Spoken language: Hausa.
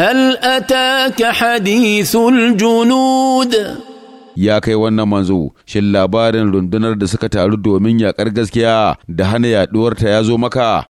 هل أتاك حديث الجنود ya kai wannan manzo shin labarin rundunar da suka taru domin yaƙar gaskiya da hana yaɗuwarta ya zo maka